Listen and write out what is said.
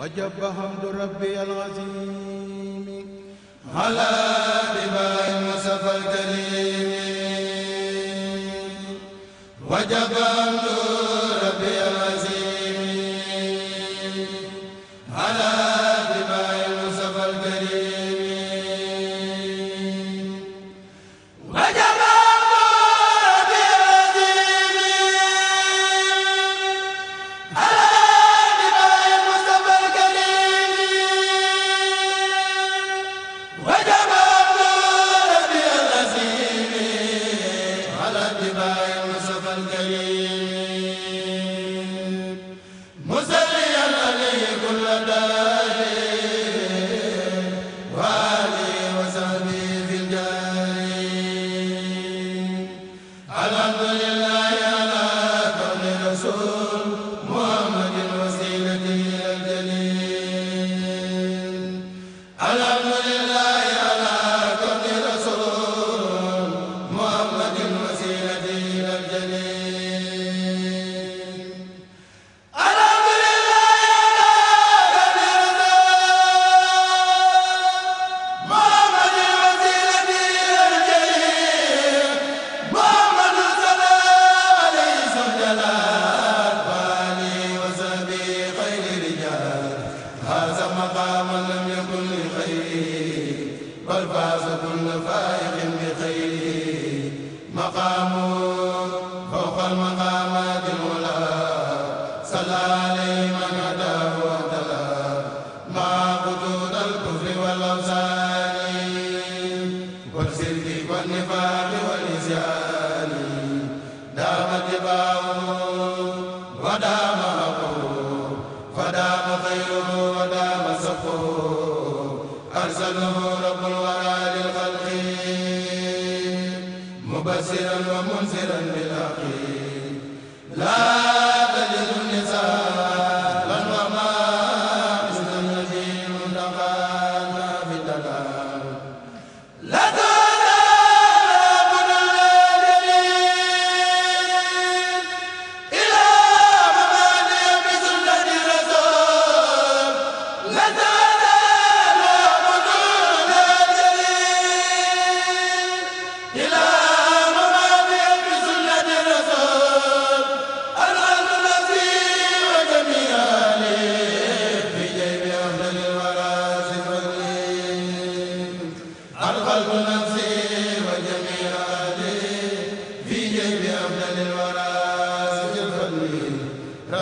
وجب حمد ربي العظيم على بباء المصطفى الكريم وجب حمد ربي العظيم على bal faasa kulla faa'iqin bi xayrihi maqaamu fawqa al-maqaamaati al-ulaa salla alayhi man hadaahu wa talaa ma'a xuduud al-kufri wal-awsaani wal-sirki wan-nifaaqi wal-isyaani daama tibaahu wa daama haquhu fa daama xayruhu wa daama safuhu arsalahu rabbuhu منزلا ومنزلا